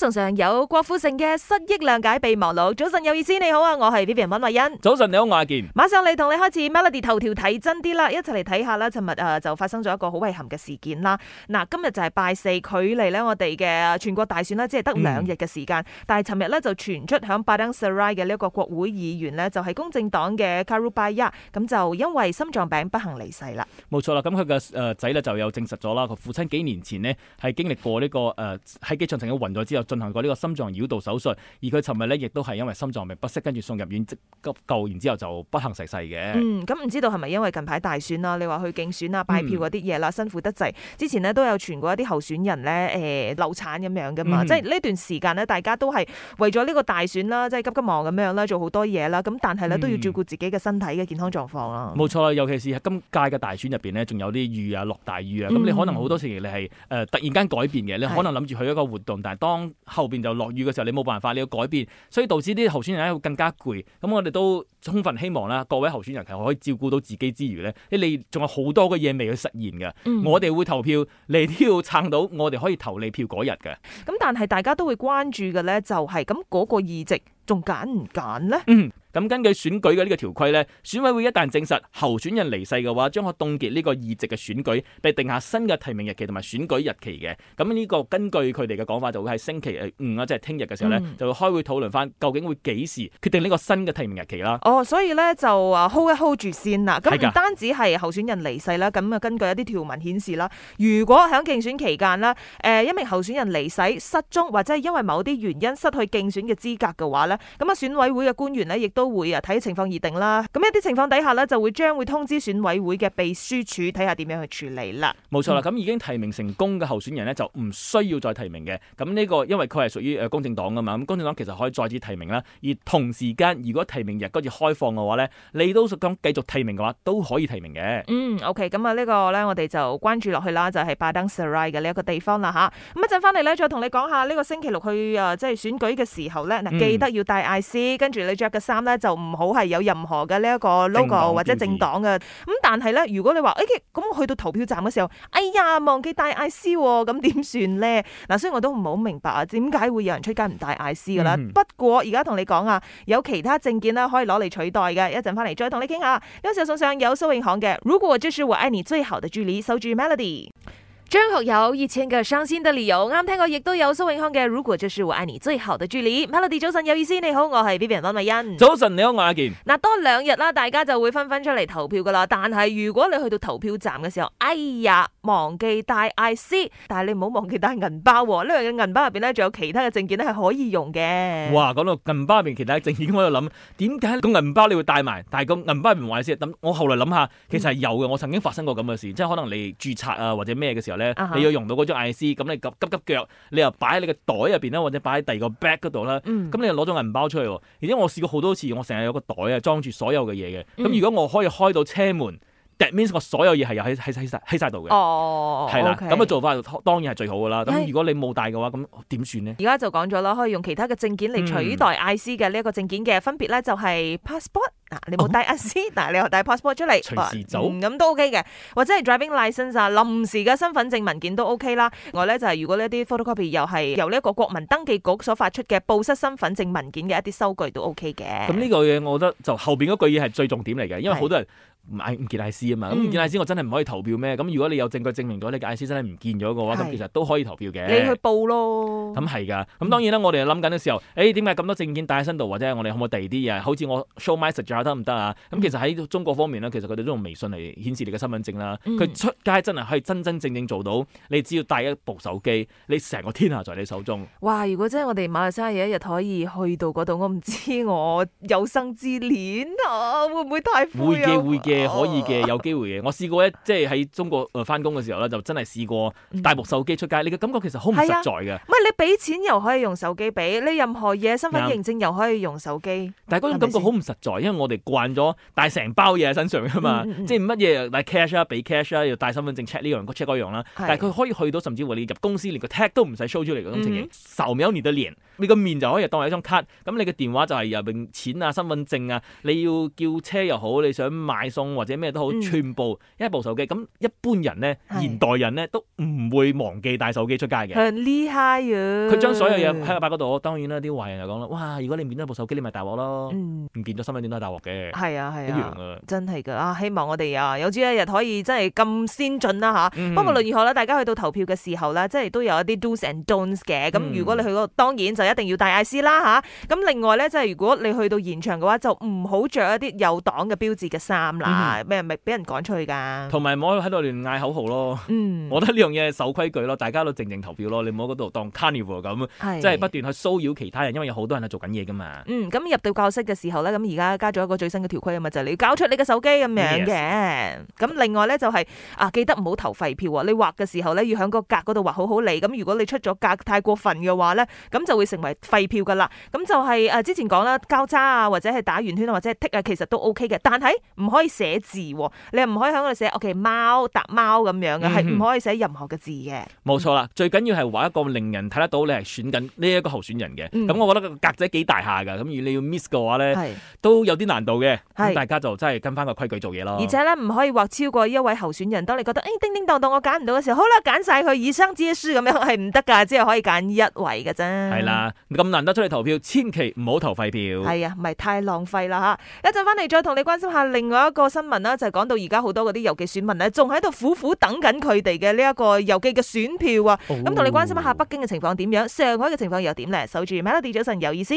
仲上有郭富城嘅失憶諒解備忘錄。早晨有意思，你好啊，我係 Vivian 溫慧欣。早晨你好，阿健。馬上嚟同你開始 Melody 頭條睇真啲啦，一齊嚟睇下啦。尋日誒就發生咗一個好遺憾嘅事件啦。嗱、呃，今日就係拜四，距離呢，我哋嘅全國大選咧，只係得兩日嘅時間。嗯、但係尋日呢，就傳出響 Padang Serai 嘅呢一個國會議員咧，就係、是、公正黨嘅 Karupaiya，咁就因為心臟病不幸離世啦。冇錯啦，咁佢嘅誒仔呢，就有證實咗啦，佢父親幾年前呢、這個，係經歷過呢個誒喺機場曾經暈咗之後。進行過呢個心臟繞道手術，而佢尋日咧亦都係因為心臟病不適，跟住送入院急救，然之後就不幸逝世嘅、嗯。嗯，咁唔知道係咪因為近排大選啦？你話去競選啊、拜票嗰啲嘢啦，嗯、辛苦得滯。之前呢都有傳過一啲候選人咧，誒、呃、流產咁樣嘅嘛。嗯、即係呢段時間呢，大家都係為咗呢個大選啦，即係急急忙咁樣啦，做好多嘢啦。咁但係咧、嗯、都要照顧自己嘅身體嘅健康狀況啦、啊。冇錯啦，尤其是喺今屆嘅大選入邊呢，仲有啲雨啊、落大雨啊，咁、嗯、你可能好多時你係誒、呃、突然間改變嘅，你可能諗住去一個活動，但係當後邊就落雨嘅時候，你冇辦法，你要改變，所以導致啲候選人咧會更加攰。咁我哋都充分希望啦，各位候選人其實可以照顧到自己之餘咧，你仲有好多嘅嘢未去實現嘅。嗯、我哋會投票你都要撐到，我哋可以投你票嗰日嘅。咁、嗯、但係大家都會關注嘅咧、就是，就係咁嗰個議席仲揀唔揀呢？嗯咁根據選舉嘅呢個條規呢，選委會一旦證實候選人離世嘅話，將可凍結呢個議席嘅選舉，並定下新嘅提名日期同埋選舉日期嘅。咁呢個根據佢哋嘅講法，就會喺星期五啊，即係聽日嘅時候呢，就會開會討論翻究竟會幾時決定呢個新嘅提名日期啦。哦，所以呢，就啊 hold 一 hold 住先啦。咁唔單止係候選人離世啦，咁啊根據一啲條文顯示啦，如果喺競選期間咧，誒、呃、一名候選人離世，失蹤或者係因為某啲原因失去競選嘅資格嘅話呢，咁啊選委會嘅官員呢亦都，都會啊，睇情況而定啦。咁一啲情況底下呢，就會將會通知選委會嘅秘書處睇下點樣去處理啦。冇、嗯、錯啦，咁已經提名成功嘅候選人呢，就唔需要再提名嘅。咁呢、呢個因為佢係屬於誒公正黨噶嘛，咁公正黨其實可以再次提名啦。而同時間，如果提名日跟住開放嘅話呢，你都想繼續提名嘅話，都可以提名嘅。嗯，OK，咁啊呢個呢，我哋就關注落去啦，就係拜登塞瑞嘅呢一個地方啦吓。咁一陣翻嚟呢，再同你講下呢個星期六去啊、呃，即係選舉嘅時候呢，嗱、嗯、記得要帶 IC，跟住你着嘅衫就唔好係有任何嘅呢一個 logo 或者政黨嘅咁，但係咧，如果你話誒咁我去到投票站嘅時候，哎呀忘記帶 IC 咁點算咧？嗱，所以我都唔好明白啊，點解會有人出街唔帶 IC 噶啦？嗯、不過而家同你講啊，有其他證件啦，可以攞嚟取代嘅，一陣翻嚟再同你傾下。一首送上有蘇永康嘅，如果我這是我愛你最好的距離，收住 Melody。張學友一千個傷心的理由，啱聽過，亦都有蘇永康嘅如果這是我愛你最後的距離。Melody 早晨，有意思你好，我係 Vivian 方美欣。早晨你好，我係阿健。嗱多兩日啦，大家就會紛紛出嚟投票噶啦。但係如果你去到投票站嘅時候，哎呀，忘記帶 I C，但係你唔好忘記帶銀包、啊。呢個銀包入邊呢，仲有其他嘅證件咧係可以用嘅。哇，講到銀包入邊其他證件，我喺度諗，點解個銀包你會帶埋？但係個銀包唔壞先。咁我,我後來諗下，其實係有嘅。我曾經發生過咁嘅事，嗯、即係可能你注冊啊或者咩嘅時候。Uh huh. 你要用到嗰張 IC，咁你急急腳，你又擺喺你個袋入邊啦，或者擺喺第二個 bag 嗰度啦。咁、mm. 你又攞咗銀包出嚟，而且我試過好多次，我成日有個袋啊，裝住所有嘅嘢嘅。咁如果我可以開到車門。That means 我所有嘢係又喺喺喺度嘅。哦，係啦，咁啊、oh, okay. 做法當然係最好噶啦。咁如果你冇帶嘅話，咁點算呢？而家就講咗啦，可以用其他嘅證件嚟取代 IC 嘅呢一個證件嘅、mm. 分別咧，就係 passport。嗱，你冇帶 IC，嗱、oh. 你又帶 passport 出嚟，隨時走。咁、啊嗯、都 OK 嘅。或者係 driving license 啊，臨時嘅身份證文件都 OK 啦。我咧就係、是、如果呢啲 photo copy 又係由呢一個國民登記局所發出嘅報失身份證文件嘅一啲收據都 OK 嘅。咁呢個嘢，我覺得就後邊嗰句嘢係最重點嚟嘅，因為好多人。唔買唔見 IC 啊嘛，咁唔見 IC，我真係唔可以投票咩？咁、嗯、如果你有證據證明咗你嘅 IC 真係唔見咗嘅話，咁是其實都可以投票嘅。你去報咯。咁係噶，咁當然啦，我哋又諗緊嘅時候，誒點解咁多證件帶喺身度？或者我哋可唔可以第二啲嘢？好似我 show message 得唔得啊？咁、嗯、其實喺中國方面咧，其實佢哋都用微信嚟顯示你嘅身份證啦。佢出街真係可以真真正正做到，你只要帶一部手機，你成個天下在你手中。哇！如果真係我哋馬來西亞有一日可以去到嗰度，我唔知我有生之年啊，會唔會太會？會嘅，會嘅。可以嘅，有機會嘅。Oh. 我試過咧，即係喺中國誒翻工嘅時候咧，就真係試過帶部手機出街。Mm. 你嘅感覺其實好唔實在嘅。唔係、yeah. 你俾錢又可以用手機俾，你任何嘢身份認證又可以用手機。是的但係嗰種感覺好唔實在，因為我哋慣咗帶成包嘢喺身上噶嘛。Mm. 即係乜嘢帶 cash 啊，俾 cash 啊，又帶身份證 check 呢樣 check 嗰樣啦。是的但係佢可以去到，甚至乎你入公司連個 tag 都唔使 show 出嚟嘅咁情形。壽命有年到年，你個面就可以當係一張卡。咁你嘅電話就係又邊錢啊、身份證啊，你要叫車又好，你想買，或者咩都好，嗯、全部一部手機。咁一般人咧，現代人咧是都唔會忘記帶手機出街嘅。呢下佢將所有嘢喺個包嗰度。當然啦，啲壞人就講啦，哇！如果你唔見咗部手機，你咪大鑊咯。唔、嗯、見咗身份證都係大鑊嘅。係啊，係啊，一樣啊，真係㗎。啊，希望我哋啊有朝一日可以真係咁先進啦、啊、嚇。嗯、不過，論如何啦，大家去到投票嘅時候咧，即係都有一啲 do's and don'ts 嘅。咁如果你去到、嗯、當然就一定要帶 IC 啦嚇。咁另外咧，即係如果你去到現場嘅話，就唔好着一啲有黨嘅標誌嘅衫啦。啊！咩咪俾人趕出去噶？同埋唔好喺度亂嗌口號咯。嗯、我覺得呢樣嘢係守規矩咯，大家都靜靜投票咯。你唔好嗰度當 carnival 咁，即係是不斷去騷擾其他人，因為有好多人係做緊嘢噶嘛。咁、嗯、入到教室嘅時候呢，咁而家加咗一個最新嘅條規啊嘛，就係、是、你要交出你嘅手機咁樣嘅。咁 Yes. 另外呢、就是，就係啊，記得唔好投廢票喎。你畫嘅時候呢，要喺個格嗰度畫好好理。咁如果你出咗格太過分嘅話呢，咁就會成為廢票噶啦。咁就係、是、誒、啊、之前講啦，交叉啊，或者係打圓圈，或者係 tick，其實都 OK 嘅。但係唔可以。寫字、哦、你又唔可以喺度寫，OK 貓搭貓咁樣嘅，係唔、嗯、哼可以寫任何嘅字嘅。冇錯啦，嗯、哼最緊要係畫一個令人睇得到你係選緊呢一個候選人嘅。咁、嗯、我覺得個格仔幾大下噶，咁如果你要 miss 嘅話咧，是都有啲難度嘅。咁是大家就真係跟翻個規矩做嘢咯。而且咧唔可以畫超過一位候選人。當你覺得、哎、叮叮噹噹我揀唔到嘅時候，好啦揀晒佢以生之書咁樣係唔得噶，只係可以揀一位噶啫。係啦、啊，咁難得出嚟投票，千祈唔好投廢票。係啊，唔係太浪費啦吓。一陣翻嚟再同你關心下另外一個。新聞啦，就講到而家好多嗰啲郵寄選民咧，仲喺度苦苦等緊佢哋嘅呢一個郵寄嘅選票啊！咁同你關心一下北京嘅情況點樣，上海嘅情況又點咧？守住 Melody 早晨有意思。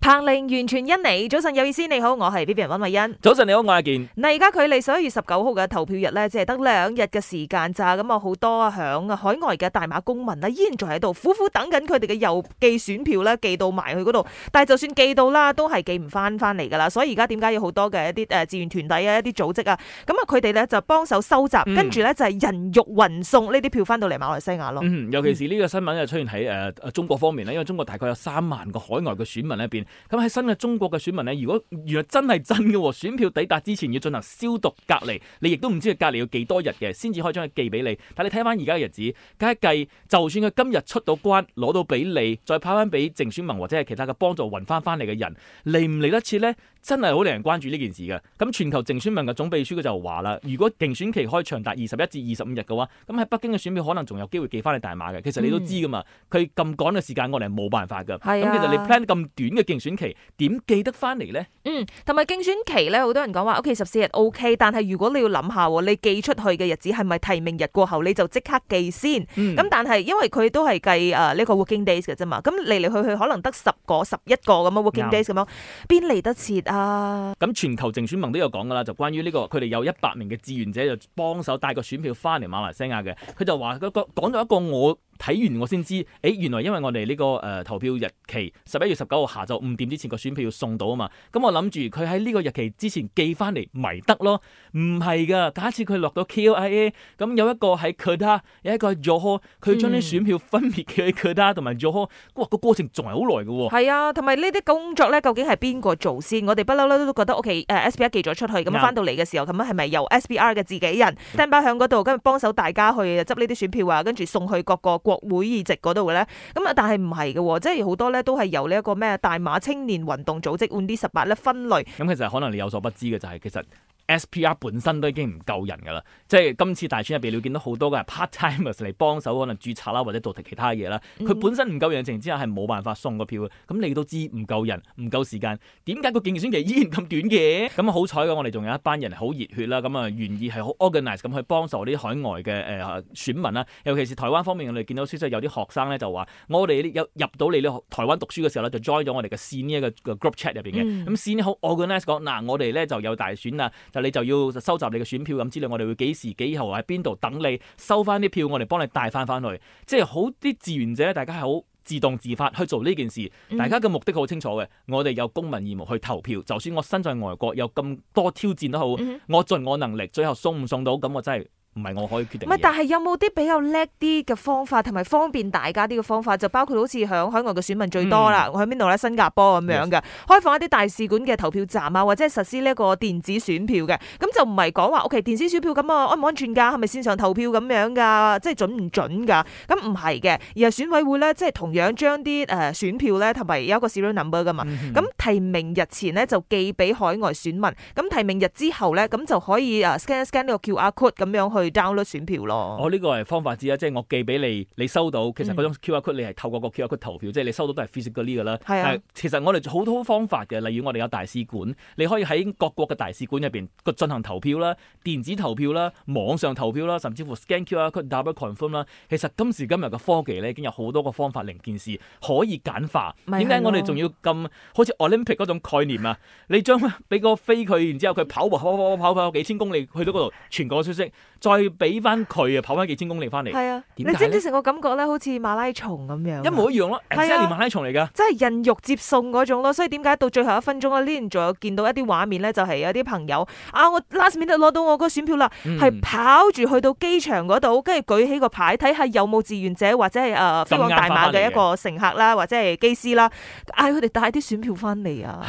彭羚、完全因你早晨有意思，你好，我係呢邊温慧欣。早晨你好，我係阿健。嗱，而家距離十一月十九號嘅投票日咧，只係得兩日嘅時間咋，咁啊好多響啊海外嘅大馬公民啦，依然仲喺度苦苦等緊佢哋嘅郵寄選票咧，寄到埋去嗰度，但係就算寄到啦，都係寄唔翻翻嚟噶啦。所以而家點解要好多嘅一啲誒志願團體啊、一啲組織啊，咁啊佢哋咧就幫手收集，跟住咧就係人肉運送呢啲票翻到嚟馬來西亞咯。嗯，尤其是呢個新聞就出現喺誒中國方面咧，嗯、因為中國大概有三萬個海外嘅選民咧變。咁喺新嘅中國嘅選民咧，如果原來真係真嘅、哦，選票抵達之前要進行消毒隔離，你亦都唔知佢隔離要幾多日嘅，先至可以將佢寄俾你。但你睇翻而家嘅日子，計一計，就算佢今日出到關攞到俾你，再派翻俾政選民或者係其他嘅幫助運翻翻嚟嘅人，嚟唔嚟得切咧？真係好令人關注呢件事嘅。咁全球政選民嘅總秘書佢就話啦：如果競選期開長達二十一至二十五日嘅話，咁喺北京嘅選票可能仲有機會寄翻你大馬嘅。其實你都知噶嘛，佢咁、嗯、趕嘅時間，我哋係冇辦法嘅。咁是、啊、其實你 plan 咁短嘅選期點記得翻嚟呢？嗯，同埋競選期咧，好多人講話 OK 十四日 OK，但係如果你要諗下，你寄出去嘅日子係咪提名日過後你就即刻寄先？咁、嗯、但係因為佢都係計誒呢個 working days 嘅啫嘛，咁嚟嚟去去可能得十個十一個咁樣 working days 咁樣有，邊嚟得切啊？咁全球淨選盟都有講噶啦，就關於呢、呢個佢哋有一百名嘅志願者就幫手帶個選票翻嚟馬來西亞嘅，佢就話佢講咗一個我。睇完我先知誒，原來因為我哋呢、呢個、呃、投票日期十一月十九號下晝五點之前個選票要送到啊嘛，咁、嗯、我諗住佢喺呢個日期之前寄翻嚟咪得咯，唔係噶，假設佢落到 k i a 咁有一個係佢 u 有一個是 JOH，佢將啲選票分別佢去 c u 同埋 JOH，哇，這個過程仲係好耐㗎喎。係啊，同埋呢啲工作咧，究竟係邊個做先？我哋不嬲都覺得屋企、呃、SBR 寄咗出去，咁翻到嚟嘅時候咁係係咪由 SBR 嘅自己人擔包響嗰度，跟住幫手大家去執呢啲選票啊，跟住送去各個。國會議席嗰度咧，咁啊，但係唔係嘅，即係好多咧，都係由呢一個咩大馬青年運動組織，換啲十八咧分類。咁其實可能你有所不知嘅就係其實。S.P.R. 本身都已經唔夠人噶啦，即係今次大選入邊，你見到好多嘅 part timers 嚟幫手，可能註冊啦，或者做其他嘢啦。佢、mm hmm. 本身唔夠人情，之後係冇辦法送個票嘅。咁你都知唔夠人，唔夠時間，點解個競選期依然咁短嘅？咁、嗯、好彩嘅，我哋仲有一班人好熱血啦，咁啊願意係好 organize 咁去幫手啲海外嘅誒、呃、選民啦，尤其是台灣方面，我哋見到書即有啲學生咧就話，我哋有入到你咧台灣讀書嘅時候咧，就 join 咗我哋嘅線呢一個 group chat 入邊嘅。咁線好 organize 講嗱，我哋咧就有大選啊！你就要收集你嘅選票咁之類，我哋會幾時幾號喺邊度等你收翻啲票，我哋幫你帶翻翻去。即係好啲志願者，大家係好自動自發去做呢件事，大家嘅目的好清楚嘅。我哋有公民義務去投票，就算我身在外國，有咁多挑戰都好，我盡我能力，最後送唔送到，咁我真係。唔係我可以決定的。唔係，但係有冇啲比較叻啲嘅方法，同埋方便大家啲嘅方法，就包括好似響海外嘅選民最多啦，我喺邊度咧？新加坡咁樣嘅，Yes. 開放一啲大使館嘅投票站啊，或者實施呢一個電子選票嘅。咁就唔係講話 OK 電子選票咁啊，安唔安全㗎、啊？係咪線上投票咁樣㗎、啊？即、就、係、是、準唔準㗎？咁唔係嘅，而係選委會咧，即、就、係、是、同樣將啲誒選票咧，同埋有一個 serial number 㗎嘛。咁、嗯、哼提名日前咧就寄俾海外選民，咁提名日之後咧咁就可以啊 sc scan scan 呢個叫啊 code 咁樣去。download 選票咯，我呢個係方法之一，即係我寄俾你，你收到其實嗰種 QR code 你係透過個 QR code 投票，嗯、即係你收到都係 physical 嗰啲㗎啦。係啊，其實我哋好多方法嘅，例如我哋有大使館，你可以喺各國嘅大使館入邊個進行投票啦、電子投票啦、網上投票啦，甚至乎 scan QR code double confirm 啦。其實今時今日嘅科技咧已經有好多個方法令件事可以簡化。點解、啊、我哋仲要咁好似 Olympic 嗰種概念啊？ 你將俾個飛佢，然之後佢跑步跑跑跑跑，跑，跑，跑幾千公里去到嗰度全個消息， 再。俾翻佢啊，跑翻幾千公里翻嚟。係啊，你知唔知成個感覺咧，好似馬拉松咁樣。一模一樣咯，係啊，連馬拉松嚟噶。真係人肉接送嗰種咯，所以點解到最後一分鐘啊？呢邊仲有見到一啲畫面咧，就係有啲朋友啊，我 last minute 攞到我個選票啦，係、嗯、跑住去到機場嗰度，跟住舉起個牌，睇下有冇志願者或者係誒飛往大馬嘅一個乘客啦，或者係機師啦，嗌佢哋帶啲選票翻嚟啊。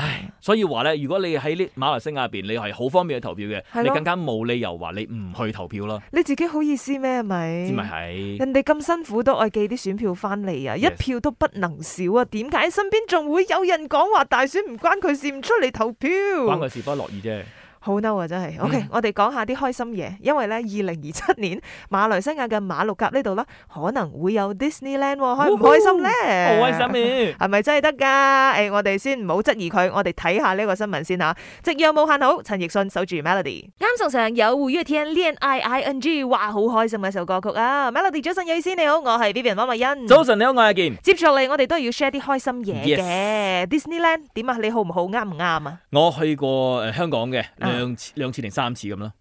所以話咧，如果你喺呢馬來西亞入邊，你係好方便去投票嘅，的你更加冇理由話你唔去投票咯。你自己好意思咩？係咪？唔係，人哋咁辛苦都愛寄啲選票翻嚟啊，Yes. 一票都不能少啊！點解身邊仲會有人講話大選唔關佢事，唔出嚟投票？關佢事不樂意啫。好嬲啊真、OK 嗯！真係，OK，我哋講下啲開心嘢，因為咧，二零二七年馬來西亞嘅馬六甲呢度啦，可能會有 Disneyland，開、哦、唔開心咧、哦哦？好開心、啊，係咪 真係得噶？誒、欸，我哋先唔好質疑佢，我哋睇下呢個新聞先吓、啊。夕陽冇限好，陳奕迅守住 Melody，啱送上有五月天，戀愛 ING，哇好開心嘅一首歌曲啊。Melody 早晨，有意思你好，我係 Vivian 汪慧欣。早晨你好，我係阿健。接住嚟，我哋都要 share 啲開心嘢嘅。Yes. Disneyland 點啊？你好唔好？啱唔啱啊？我去過誒香港嘅。兩次兩次定三次咁啦？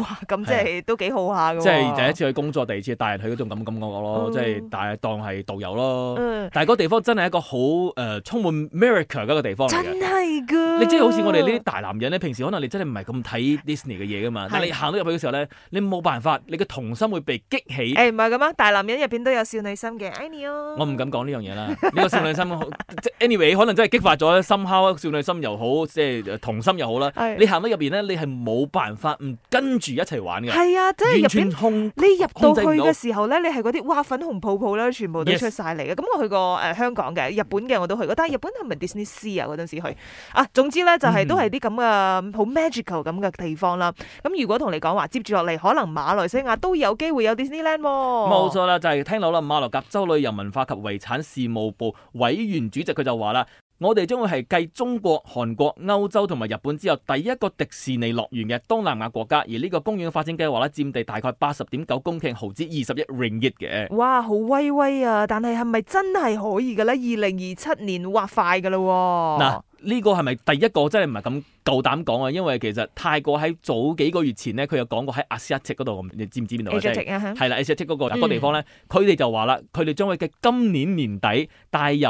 哇！咁即係都幾好下嘅。即係第一次去工作，第二次帶人去嗰仲咁咁嘅咯，嗯、即係大當係導遊咯。嗯、但係嗰地方真係一個好、呃、充滿 miracle 嘅一個地方嚟嘅。真係㗎！你即係好似我哋呢啲大男人咧，平時可能你真係唔係咁睇 Disney 嘅嘢㗎嘛。的但係你行到入去嘅時候咧，你冇辦法，你嘅童心會被激起。唔係咁嘛，大男人入面都有少女心嘅 n 我唔敢講呢樣嘢啦，呢個少女心。 即係 anyway，可能真係激發咗心敲少女心又好，即係童心又好啦。的你行到入面呢。你係冇辦法唔跟住一齊玩嘅，係啊，即係入邊你入到去嘅時候咧，你係嗰啲哇粉紅泡泡啦，全部都出晒嚟啊！咁 Yes. 我去過誒、呃、香港嘅、日本嘅我都去過，但係日本係咪 Disney Sea 啊？嗰陣時去啊，總之咧就係、是、都係啲咁嘅好 magical 咁嘅地方啦。咁如果同你講話接住落嚟，可能馬來西亞都有機會有 Disneyland 冇、啊、錯啦，就係、是、聽到啦，馬來甲州旅遊文化及遺產事務部委員主席佢就話啦。我哋將會係繼中國、韓國、歐洲同埋日本之後，第一個迪士尼樂園嘅東南亞國家。而呢個公園嘅發展計劃咧，佔地大概八十點九公頃，耗資二十億 ringgit 嘅。哇，好威威啊！但係係咪真係可以嘅咧？二零二七年畫快噶啦、哦！嗱、啊，呢、這個係咪第一個真係唔係咁夠膽講啊？因為其實泰國喺早幾個月前咧，佢有講過喺 Asiatique 嗰度，你知唔知邊度 Asiatique 啊吓，係啦個地方咧，佢哋就話啦，佢哋將會喺今年年底帶入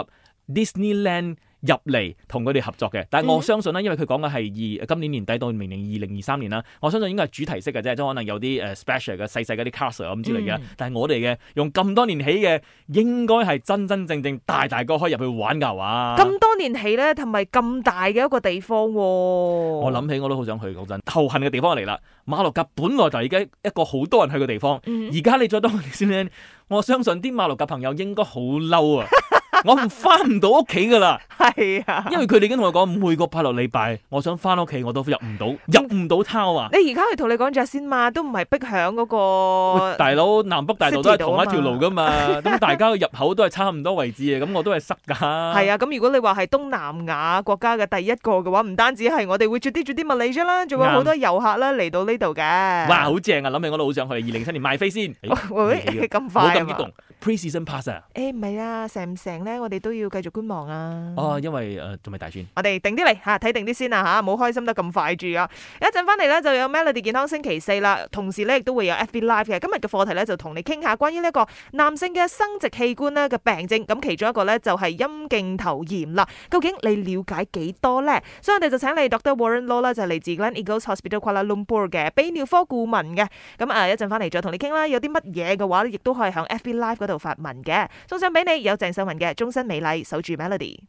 Disneyland。入嚟同佢哋合作嘅，但係我相信咧，因為佢講嘅係二今年年底到明年二零二三年啦，我相信應該係主題式嘅啫，即可能有啲誒、呃、special 嘅細細嘅啲 castle 咁之類嘅。Er, 嗯、但係我哋嘅用咁多年起嘅，應該係真真正正大大個可以入去玩噶哇！咁多年起咧，同埋咁大嘅一個地方、哦，我諗起我都好想去。講真的，仇恨嘅地方嚟啦，馬六甲本來就已經一個好多人去嘅地方，而家、嗯、你再當先我，我相信啲馬六甲朋友應該好嬲啊！ 我唔翻唔到屋企噶啦，係啊，因為佢哋已經跟同我講，每個快樂禮拜，我想翻屋企我都入唔到，嗯、入唔到攤。啊！你而家去同你講咗先嘛，都唔係逼響嗰個。大佬南北大道都係同一條路噶嘛，咁 大家嘅入口都係差唔多位置 啊，咁我都係塞噶。係啊，咁如果你話係東南亞國家嘅第一個嘅話，唔單止係我哋會做啲做啲物啫啦，仲有好多遊客啦嚟到呢度嘅。哇，好正啊！諗起我都好想去。二零七年買飛先，會唔會咁快啊？ pre-season pass、哎、唔係啊？誒唔係啊，成唔成咧？我哋都要繼續觀望啊！哦，oh, 因為誒仲未大選，我哋定啲嚟吓睇定啲先啊，唔好、啊、開心得咁快住啊！一陣翻嚟咧，就有 Melody 健康星期四啦，同時咧亦都會有 FB Live 嘅。今日嘅課題咧就同你傾下關於呢一個男性嘅生殖器官咧嘅病症，咁其中一個咧就係、是、陰莖頭炎啦。究竟你了解幾多咧？所以我哋就請你 Doctor Warren Law 啦、e，就係嚟自 Gleneagles Hospital Kuala Lumpur 嘅泌尿科顧問嘅。咁啊，一陣翻嚟再同你傾啦。有啲乜嘢嘅話亦都可以響 FB Live 度發文嘅，送上俾你有鄭秀文嘅終身美麗，守住 Melody。